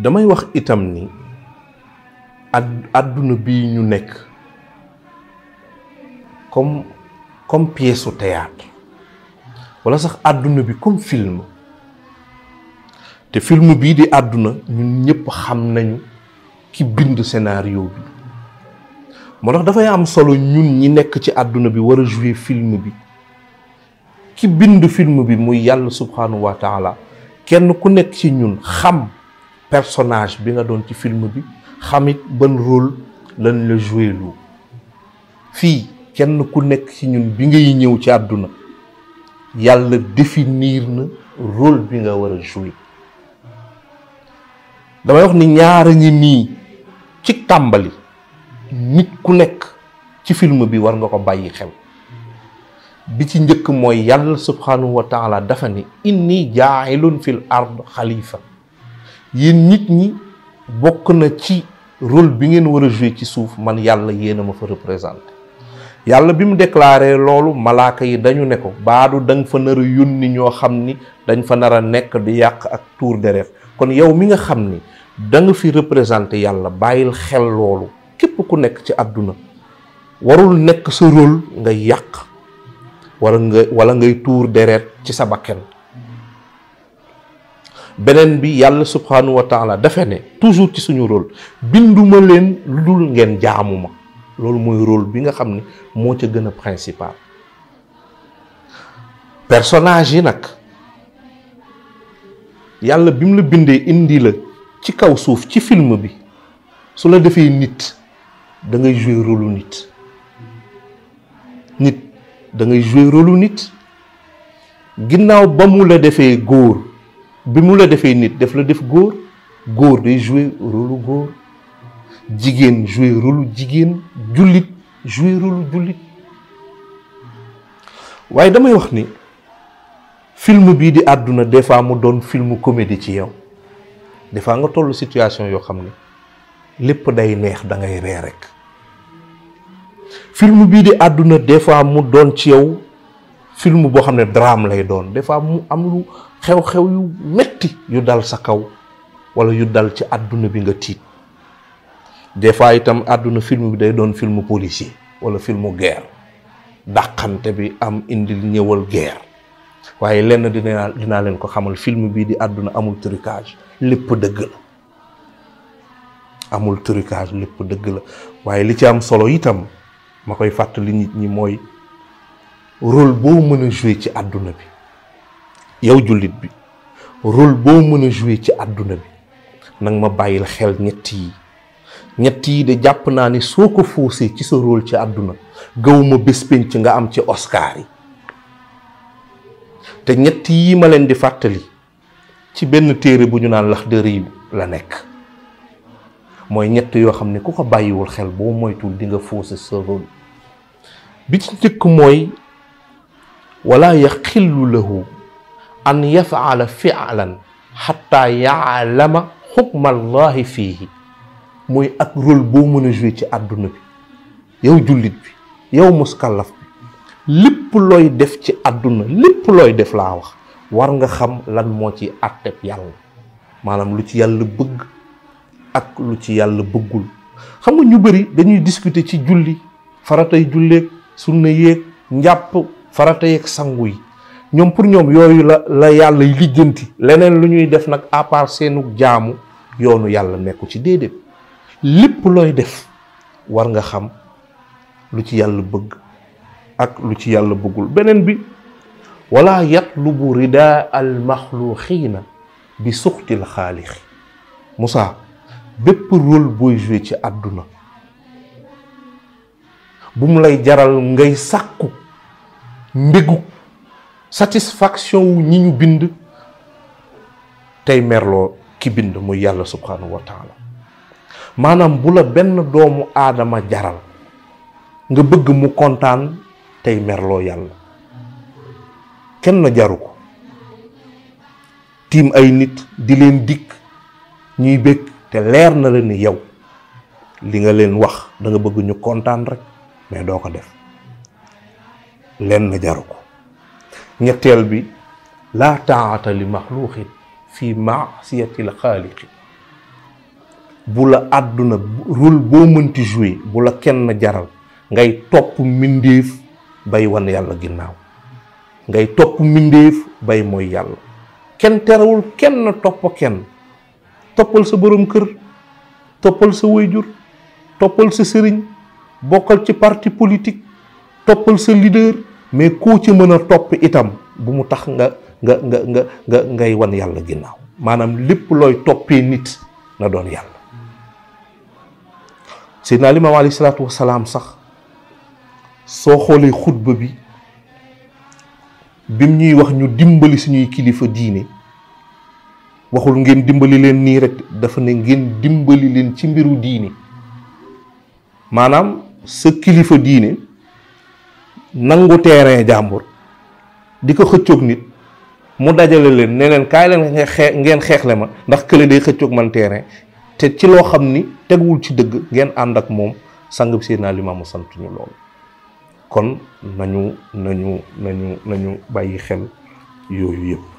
damay wax itam ni àdduna bii ñu nekk comme comme pièce su théâtre wala sax àdduna bi comme film te film bii di àdduna ñun ñëpp xam nañu ki bind scénario bi moo tax dafay am solo ñun ñi nekk ci àdduna bi war a jouer film bi ki bind film bi muy yàlla subhanahu wa kenn ku nekk ci ñun xam personnage bi nga doon ci film bi xamit ban rôle lañ la joué lu fii kenn ku nekk ci ñun bi ngay ñëw ci àdduna yàlla définir na rôle bi nga war a joué damay wax ni ñaar a ngi nii ci tàmbali nit ku nekk ci film bi war nga ko bàyyi xel bi ci njëkk mooy yàlla subhanahu wa taala dafa ni inni jaa'ilun fil ard khalifa. yéen nit ñi bokk na ci rôle bi ngeen war a jouer ci suuf man yàlla yéen a ma fa représenté yàlla bi mu déclaré loolu malaaka yi dañu ne ko baadu da fa nar a yónni ñoo xam ni dañ fa nar a nekk di yàq ak tuur deret kon yow mi nga xam ni da fi représenté yàlla bàyyil xel loolu képp ku nekk ci àdduna warul nekk sa rôle nga yàq wala nga wala ngay tuur deret ci sa bakken beneen bi yàlla subhanahu wa taala dafa ne toujours ci suñu rôle binduma leen lu dul ngeen jaamu ma loolu mooy rôle bi nga xam ne moo ca gën a principal personnage yi nag yàlla bi mu la bindee indi la ci kaw suuf ci film bi su la defee nit da ngay jouer rôle nit nit da ngay jouer rôle nit ginnaaw ba mu la defee góor bi mu la nit def la def jouer rôle góor jigéen jouer rôle jouer rôle jullit waaye damay wax ni film bii di àdduna des fois mu film comédie ci yow des fois situation day neex da ngay rek film bii di àdduna des fois mu film boo drame des xew-xew yu metti yu dal sa kaw walla yu dal ci àdduna bi nga tiit des fois itam àdduna film bi day doon filmu policier wala filmu guerre dàqante bi am indi ñëwal guerre waaye lenn dina dinaa leen ko xamal film bii di àdduna amul trucage lépp dëgg la amul trucage lépp dëgg la waaye li ci am solo itam ma koy fàttali nit ñi mooy rôle boo mën a ci àdduna bi yow jullit bi rôle boo mën a ci àdduna bi nang ma bàyyil xel ñett yi yi de jàpp naa ni soo ko faussé ci sa rôle ci àdduna gawuma bés pénc nga am ci Oscar yi te ñett yi ma leen di fàttali ci benn téere bu ñu naan lax dër yi la nekk mooy ñett yoo xam ne ku ko bàyyiwul xel boo moytuwul di nga faussé sa rôle bi ci njëkk mooy wala yaxillu lahu an yafaala fialan xatta yaalama xukma allahi fiihi mooy ak rôle boo mën a ci àdduna bi yow jullit bi yow muskallaf bi lépp looy def ci àdduna lépp looy def laa wax war nga xam lan moo ci àtteb yàlla maanaam lu ci yàlla bëgg ak lu ci yàlla bëggul xam nga ñu bëri dañuy discuter ci julli faratay julleeg sunna yéeg njàpp farata yeeg sangu yi ñoom pour ñoom yooyu la la yàlla lijjanti leneen lu ñuy def nag à seenu jaamu yoonu yàlla nekku ci déedéet lépp looy def war nga xam lu ci yàlla bëgg ak lu ci yàlla bëggul beneen bi wala yatlubu rida al maxluqiina bi suxtil xaalixi Moussa bépp rôle booy joué ci àdduna bu mu lay jaral ngay sàkku mbéguk satisfaction wu ñi ñu bind tey merloo ki bind muy yàlla subhanahu wa maanaam bu la benn doomu aadama jaral nga bëgg mu kontaan tey merloo yàlla kenn jaru ko tiim ay nit di leen dikk ñuy bëgg te leer na la ni yow li nga leen wax danga bëgg ñu kontaan rek mais doo ko def lenn jaru ko ñettel bi la taata li makhluqin fi ma'siyati al khaliq bu la aduna rôle boo mënti jouer bu la kenn jaral ngay top mindeef bay wan yalla ginnaw ngay top mindeef bay moy yalla kenn terawul kenn top kenn toppal sa borom keur topul sa wayjur toppal sa serigne bokal ci parti politique topul sa leader mais ku ci meuna top itam bu mu tax nga nga nga nga nga ngay wan yalla ginnaw manam lepp loy topé nit na doon yalla mawali ali mawali salatu wassalam sax so xolé khutba bi bim ñuy wax ñu dimbali suñuy kilifa diine waxul ngeen dimbali len ni rek dafa ne ngeen dimbali len ci mbiru diine manam ce kilifa diine nangu terrain jàmbur di ko xëccoog nit mu dajale leen ne leen kaay leen ngeen xeexle ma ndax kële day xëccoog man terrain te ci loo xam ni teguwul ci dëgg ngeen ànd ak moom sangam Seydina Limaamu sant ñu loolu kon nañu nañu nañu nañu bàyyi xel yooyu yëpp